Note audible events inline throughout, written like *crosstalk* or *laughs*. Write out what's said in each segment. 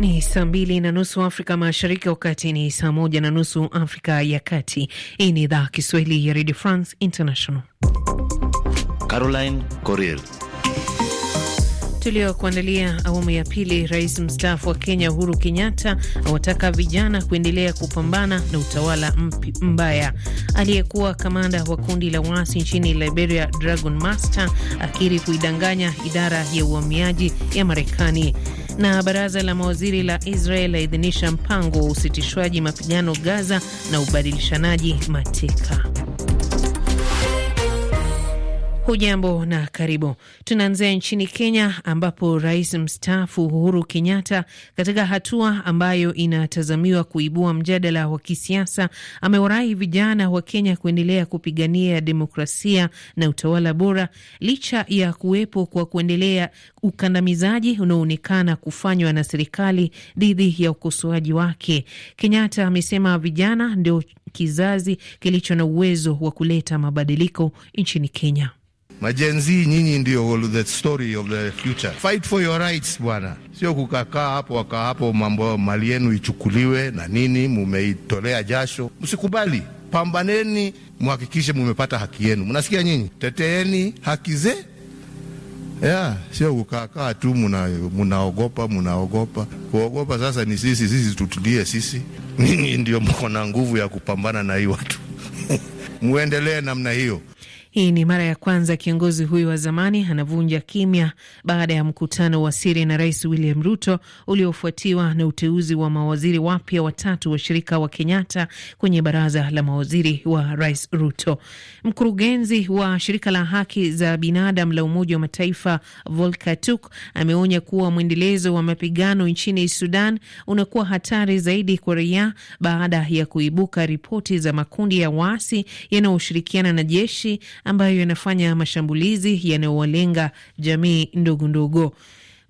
Ni saa mbili na nusu Afrika Mashariki, wakati ni saa moja na nusu Afrika ya Kati. Hii ni idhaa Kiswahili ya Redio France International. Caroline Coril tuliokuandalia awamu ya pili. Rais mstaafu wa Kenya Uhuru Kenyatta awataka vijana kuendelea kupambana na utawala mpi, mbaya. Aliyekuwa kamanda wa kundi la waasi nchini Liberia Dragon Master akiri kuidanganya idara ya uhamiaji ya Marekani. Na baraza la mawaziri la Israel laidhinisha mpango wa usitishwaji mapigano Gaza na ubadilishanaji mateka. Hujambo na karibu. Tunaanzia nchini Kenya ambapo rais mstaafu Uhuru Kenyatta, katika hatua ambayo inatazamiwa kuibua mjadala wa kisiasa, amewarai vijana wa Kenya kuendelea kupigania demokrasia na utawala bora licha ya kuwepo kwa kuendelea ukandamizaji unaoonekana kufanywa na serikali dhidi ya ukosoaji wake. Kenyatta amesema vijana ndio kizazi kilicho na uwezo wa kuleta mabadiliko nchini Kenya. Majenzi nyinyi ndio the story of the future. Fight for your rights bwana, sio kukakaa hapo wakaa hapo mambo mali yenu ichukuliwe na nini, mumeitolea jasho. Msikubali, pambaneni, muhakikishe mumepata haki yenu. Mnasikia nyinyi, teteeni haki ze Yeah, sio kukaakaa tu munaogopa, muna munaogopa kuogopa. Sasa ni sisi sisi, tutulie sisi. nyinyi ndio mko na nguvu ya kupambana na hii watu *laughs* muendelee namna hiyo. Hii ni mara ya kwanza kiongozi huyu wa zamani anavunja kimya baada ya mkutano wa siri na Rais William Ruto uliofuatiwa na uteuzi wa mawaziri wapya watatu washirika wa Kenyatta kwenye baraza la mawaziri wa Rais Ruto. Mkurugenzi wa shirika la haki za binadamu la Umoja wa Mataifa Volker Turk ameonya kuwa mwendelezo wa mapigano nchini Sudan unakuwa hatari zaidi kwa raia baada ya kuibuka ripoti za makundi ya waasi yanayoshirikiana na jeshi ambayo yanafanya mashambulizi yanayowalenga jamii ndogo ndogo.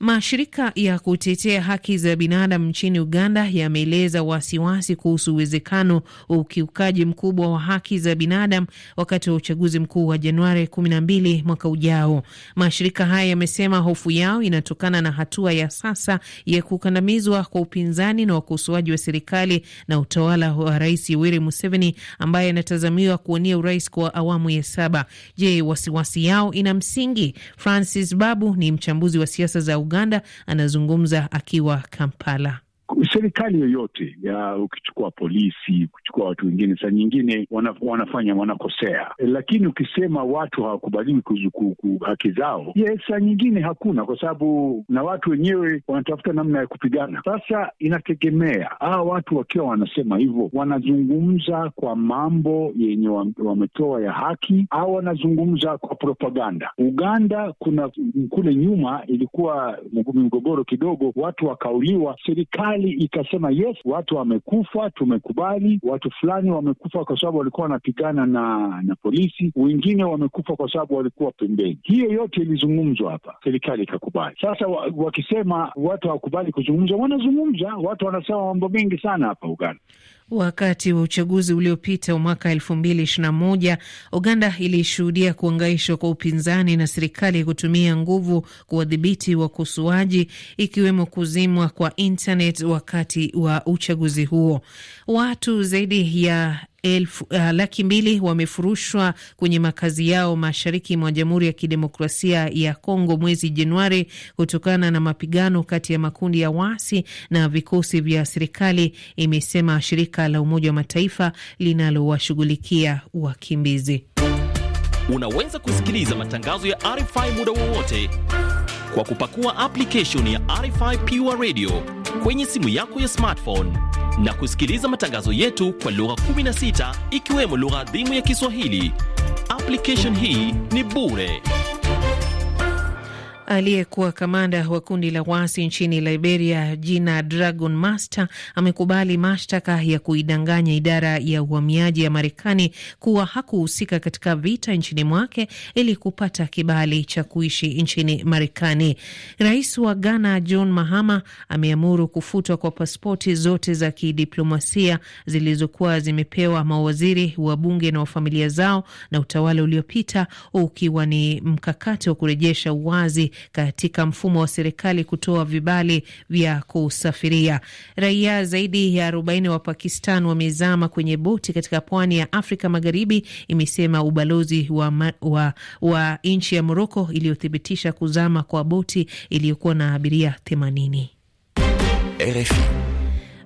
Mashirika ya kutetea haki za binadamu nchini Uganda yameeleza wasiwasi kuhusu uwezekano wa ukiukaji mkubwa wa haki za binadamu wakati wa uchaguzi mkuu wa Januari 12 mwaka ujao. Mashirika haya yamesema hofu yao inatokana na hatua ya sasa ya kukandamizwa kwa upinzani na wakosoaji wa serikali na utawala wa Rais Yoweri Museveni ambaye anatazamiwa kuwania urais kwa awamu ya saba. Je, wasiwasi yao ina msingi? Francis Babu ni mchambuzi wa siasa za Uganda. Uganda anazungumza akiwa Kampala serikali yoyote ya ukichukua polisi, ukichukua watu wengine, saa nyingine wanafanya wanakosea, lakini ukisema watu hawakubaliwi haki zao, yes, saa nyingine hakuna, kwa sababu na watu wenyewe wanatafuta namna ya kupigana. Sasa inategemea hawa watu wakiwa wanasema hivyo, wanazungumza kwa mambo yenye wametoa ya haki au wanazungumza kwa propaganda. Uganda kuna kule nyuma ilikuwa migogoro kidogo, watu wakauliwa, serikali serikali ikasema yes, watu wamekufa, tumekubali. Watu fulani wamekufa kwa sababu walikuwa wanapigana na na polisi, wengine wamekufa kwa sababu walikuwa pembeni. Hiyo yote ilizungumzwa hapa, serikali ikakubali. Sasa wa, wakisema watu hawakubali kuzungumza, wanazungumza. Watu wanasema mambo mengi sana hapa Uganda. Wakati wa uchaguzi uliopita wa mwaka 2021 Uganda ilishuhudia kuangaishwa kwa upinzani na serikali kutumia nguvu kuwadhibiti wakosoaji, ikiwemo kuzimwa kwa internet wakati wa uchaguzi huo. Watu zaidi ya elfu, uh, laki mbili wamefurushwa kwenye makazi yao mashariki mwa Jamhuri ya Kidemokrasia ya Kongo mwezi Januari kutokana na mapigano kati ya makundi ya waasi na vikosi vya serikali, imesema shirika la Umoja wa Mataifa linalowashughulikia wakimbizi. Unaweza kusikiliza matangazo ya RFI muda wowote kwa kupakua application ya RFI Pure Radio kwenye simu yako ya smartphone na kusikiliza matangazo yetu kwa lugha 16 ikiwemo lugha adhimu ya Kiswahili. Application hii ni bure Aliyekuwa kamanda wa kundi la waasi nchini Liberia jina Dragon Master amekubali mashtaka ya kuidanganya idara ya uhamiaji ya Marekani kuwa hakuhusika katika vita nchini mwake ili kupata kibali cha kuishi nchini Marekani. Rais wa Ghana John Mahama ameamuru kufutwa kwa pasipoti zote za kidiplomasia zilizokuwa zimepewa mawaziri wa bunge na wafamilia zao na utawala uliopita, ukiwa ni mkakati wa kurejesha uwazi katika mfumo wa serikali kutoa vibali vya kusafiria. Raia zaidi ya arobaini wa Pakistan wamezama kwenye boti katika pwani ya Afrika Magharibi, imesema ubalozi wa, wa, wa nchi ya Moroko iliyothibitisha kuzama kwa boti iliyokuwa na abiria themanini. RFI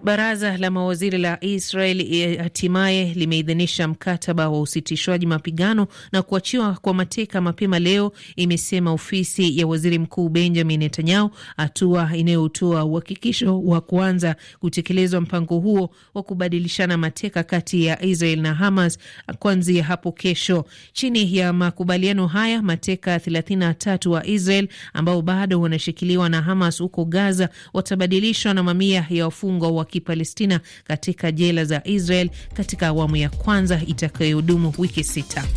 Baraza la mawaziri la Israel eh, hatimaye limeidhinisha mkataba wa usitishwaji mapigano na kuachiwa kwa mateka mapema leo, imesema ofisi ya waziri mkuu Benjamin Netanyahu, hatua inayotoa uhakikisho wa kuanza kutekelezwa mpango huo wa kubadilishana mateka kati ya Israel na Hamas kuanzia hapo kesho. Chini ya makubaliano haya, mateka 33 wa Israel ambao bado wanashikiliwa na Hamas huko Gaza watabadilishwa na mamia ya wafungwa wa Kipalestina katika jela za Israel katika awamu ya kwanza itakayohudumu wiki sita.